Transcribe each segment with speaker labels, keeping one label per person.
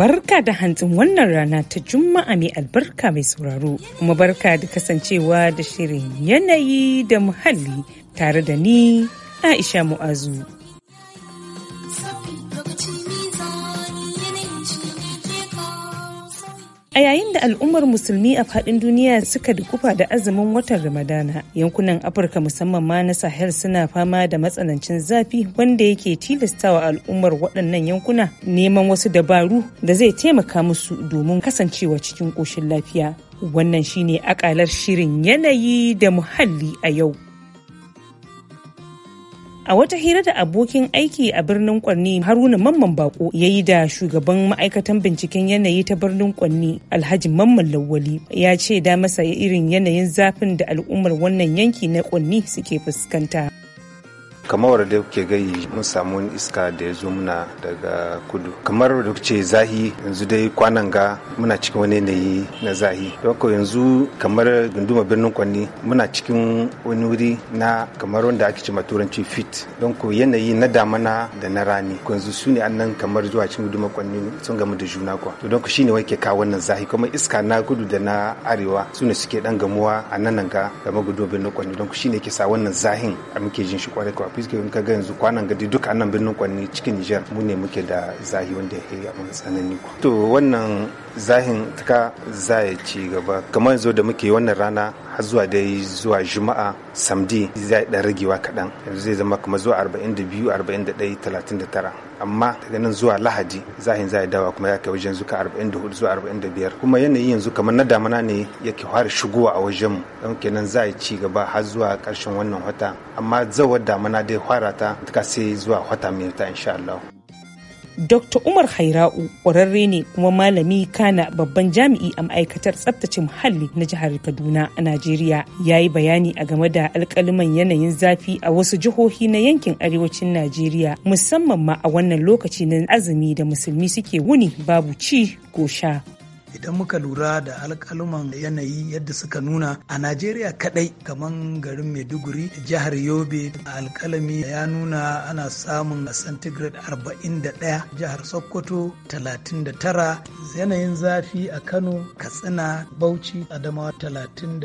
Speaker 1: Barka da hantsin wannan rana ta Juma'a mai albarka mai sauraro, kuma barka da kasancewa da shirin yanayi da muhalli tare da ni Aisha Mu'azu. A yayin da al'ummar musulmi a faɗin duniya suka dukufa da azumin watan Ramadana, yankunan Afirka musamman ma na Sahel suna fama da matsanancin zafi wanda yake tilastawa al'ummar waɗannan yankuna neman wasu dabaru da zai taimaka musu domin kasancewa cikin ƙoshin lafiya. Wannan shine akalar shirin yanayi da muhalli a yau. A wata hira da abokin aiki a birnin Kwanni Haruna Mamman Bako ya yi da shugaban ma'aikatan binciken yanayi ta birnin Kwanni Alhaji Mamman Lawali ya ce da masa irin yanayin zafin da al'ummar wannan yanki na Kwanni suke fuskanta.
Speaker 2: kamar da kuke gani mun samu iska da ya zo muna daga kudu kamar da kuke zahi yanzu dai kwanan ga muna cikin wani yanayi na zahi don yanzu kamar gunduma birnin kwanni muna cikin wani wuri na kamar wanda ake ce turanci fit don ko yanayi na damana da na rani yanzu su ne annan kamar zuwa cikin gunduma kwanni sun gamu da juna kwa to don ku shine wake kawo wannan zahi kuma iska na kudu da na arewa su ne suke dan gamuwa a nan ga game gunduma birnin kwanni don ku shine ke sa wannan zahin a muke jin shi kwarai kwarai fiske in ka ga yanzu kwanan gadi duk annan birnin kwanni cikin Niger mu ne muke da zahi wanda ya yi abin tsanani ku. To wannan zahin ta za ya ci gaba kamar yanzu da muke wannan rana har zuwa dai zuwa juma'a samdi zai dan ragewa kaɗan yanzu zai zama kuma zuwa 42 41 39 amma daga nan zuwa lahadi zahin zai dawa kuma ya kai wajen zuka 44 zuwa 45 kuma yanayi yanzu kamar na damana ne yake fara shigowa a wajen mu don kenan za a ci gaba har zuwa karshen wannan wata amma zawar damana dai fara ta ta sai zuwa wata mai ta insha Allah.
Speaker 1: Dr. Umar Haira'u ƙwararre ne kuma malami kana babban jami'i a ma'aikatar tsabtace muhalli na jihar Kaduna a Najeriya ya yi bayani a game da alkaliman yanayin zafi a wasu jihohi na yankin arewacin Najeriya musamman ma a wannan lokaci na azumi da musulmi suke wuni babu ci ko sha.
Speaker 3: idan muka lura da alkaluman yanayi yadda suka nuna a najeriya kadai kamar garin maiduguri jihar yobe A alkalami ya nuna ana samun A centigrade 41 jihar sokoto 39 yanayin zafi a Kano, Katsina, Bauchi, Adamawa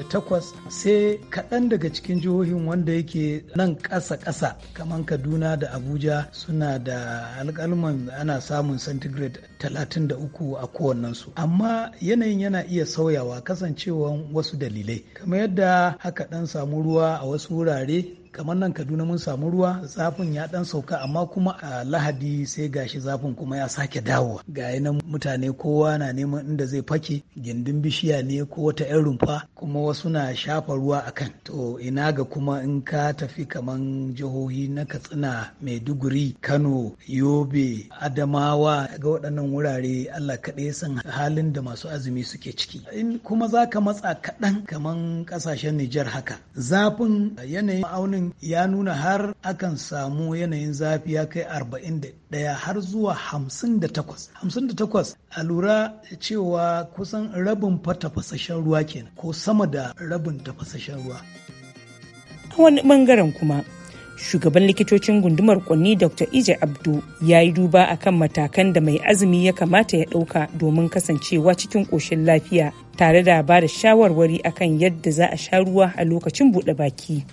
Speaker 3: takwas sai kaɗan daga cikin jihohin wanda yake nan ƙasa-ƙasa kamar Kaduna da Abuja suna da alƙalman ana samun centigrade uku a kowannensu. Amma yanayin yana iya sauyawa kasancewan wasu dalilai. Kamar yadda haka ɗan samu ruwa a wasu wurare kamar nan kaduna mun samu ruwa zafin ya dan sauka amma kuma a lahadi sai gashi zafin kuma ya sake dawowa ga nan mutane kowa na neman inda zai fake gindin bishiya ne ko wata yan rumfa kuma wasu na shafa ruwa akan to ina ga kuma in ka tafi kaman jihohi na katsina maiduguri kano yobe adamawa ga waɗannan wurare allah kaɗai san halin da masu azumi suke ciki in kuma za ka matsa kaɗan kaman ƙasashen nijar haka zafin yanayin aunin ya nuna har akan samu yanayin zafi ya kai 41 har zuwa 58 58 a lura cewa kusan rabin tafasashen ruwa kenan ko sama da rabin tafasashen ruwa
Speaker 1: a wani bangaren kuma shugaban likitocin gundumar kwanni dr ije abdu ya yi duba akan matakan da mai azumi ya kamata ya ɗauka domin kasancewa cikin ƙoshin lafiya tare da ba da shawarwari akan yadda za a sha ruwa a lokacin buɗe baki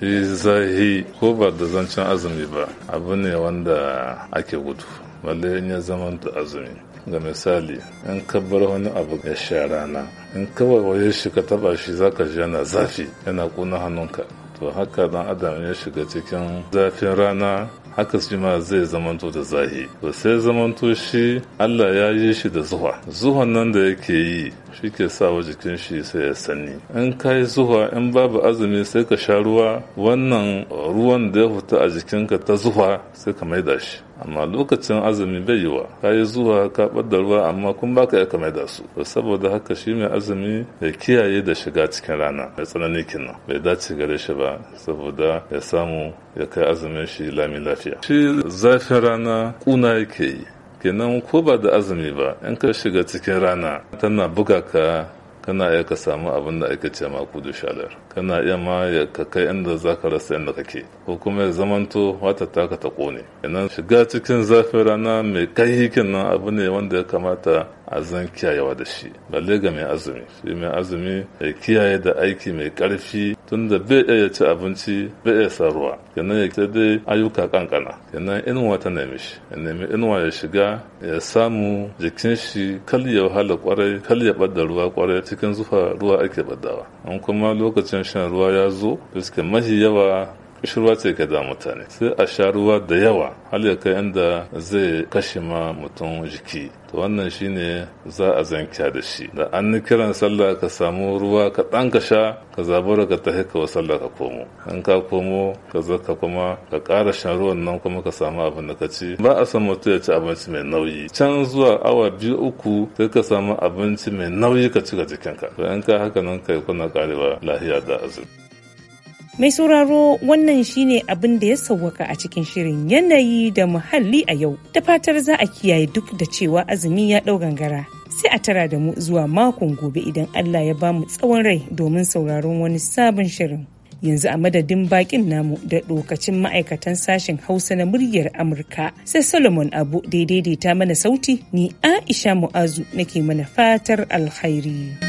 Speaker 4: shi zahi ko ba da zancen azumi ba abu ne wanda ake gudu balle in ya zama da azumi ga misali in ka bar wani abu ya sha rana in ka waye shi ka taba shi zaka ji yana zafi yana kuna hannunka to haka dan adam ya shiga cikin zafin rana haka shi ma zai zamanto da zahi to sai zamanto shi Allah ya yi shi da zuwa zuwan nan da yake yi shi ke sawa jikin shi sai ya sanni in ka yi zuwa in babu azumi sai ka sha ruwa wannan ruwan da ya fita a jikinka ta zuwa sai ka maida shi amma lokacin azumi bai yi wa. ka yi zuwa ka da ruwa amma kun baka ya mai da su ba saboda haka shi mai azumi ya kiyaye da shiga cikin rana mai tsanani kenan bai dace gare shi ba saboda ya samu ya kai azumin shi lami lafiya shi zafin rana kuna yake yi kenan ko ba da azumi ba in ka shiga cikin rana tana buga ka kana iya ka samu abin da ake ce ma kudu shalar kana iya ma ya ka kai inda za ka rasa inda kake ko kuma ya zamanto wata ta ka ta kone idan shiga cikin zafin rana mai kai nan abu ne wanda ya kamata a zan kiyayewa da shi balle ga mai azumi shi mai azumi ya kiyaye da aiki mai karfi tunda bai iya ci abinci bai ya sa ruwa kenan ya dai ayyuka kankana kenan inuwa ta nemi shi ya nemi inuwa ya shiga ya samu jikin shi kal ya wahala kwarai kal ya bada ruwa kwarai cikin zufa ruwa ake badawa an kuma lokacin shan ruwa ya zo fuskin mahi yawa kishirwa ce ke da mutane sai a sha ruwa da yawa har ya kai inda zai kashe ma mutum jiki to wannan shine za a zankiya da shi da an ni kiran sallah ka samu ruwa ka ɗan ka sha ka zabura ka tafi ka wa sallah ka komo in ka komo ka zaka kuma ka ƙara shan ruwan nan kuma ka samu abin da ka ci ba a san mutum ya ci abinci mai nauyi can zuwa awa biyu uku sai ka samu abinci mai nauyi ka ci ga jikinka to in ka haka nan kai kuna karewa lahiya da azumi
Speaker 1: Mai sauraro wannan shine abin da ya sauwaka a cikin shirin yanayi da muhalli a yau. Da fatar za a kiyaye duk da cewa azumi ya ɗau gangara. Sai a tara da mu zuwa makon gobe idan Allah ya bamu tsawon rai domin sauraron wani sabon shirin. Yanzu a madadin bakin namu da lokacin ma'aikatan sashen Hausa na muryar Amurka sai Solomon Abu daidaita mana sauti ni Aisha Mu'azu nake mana fatar alkhairi.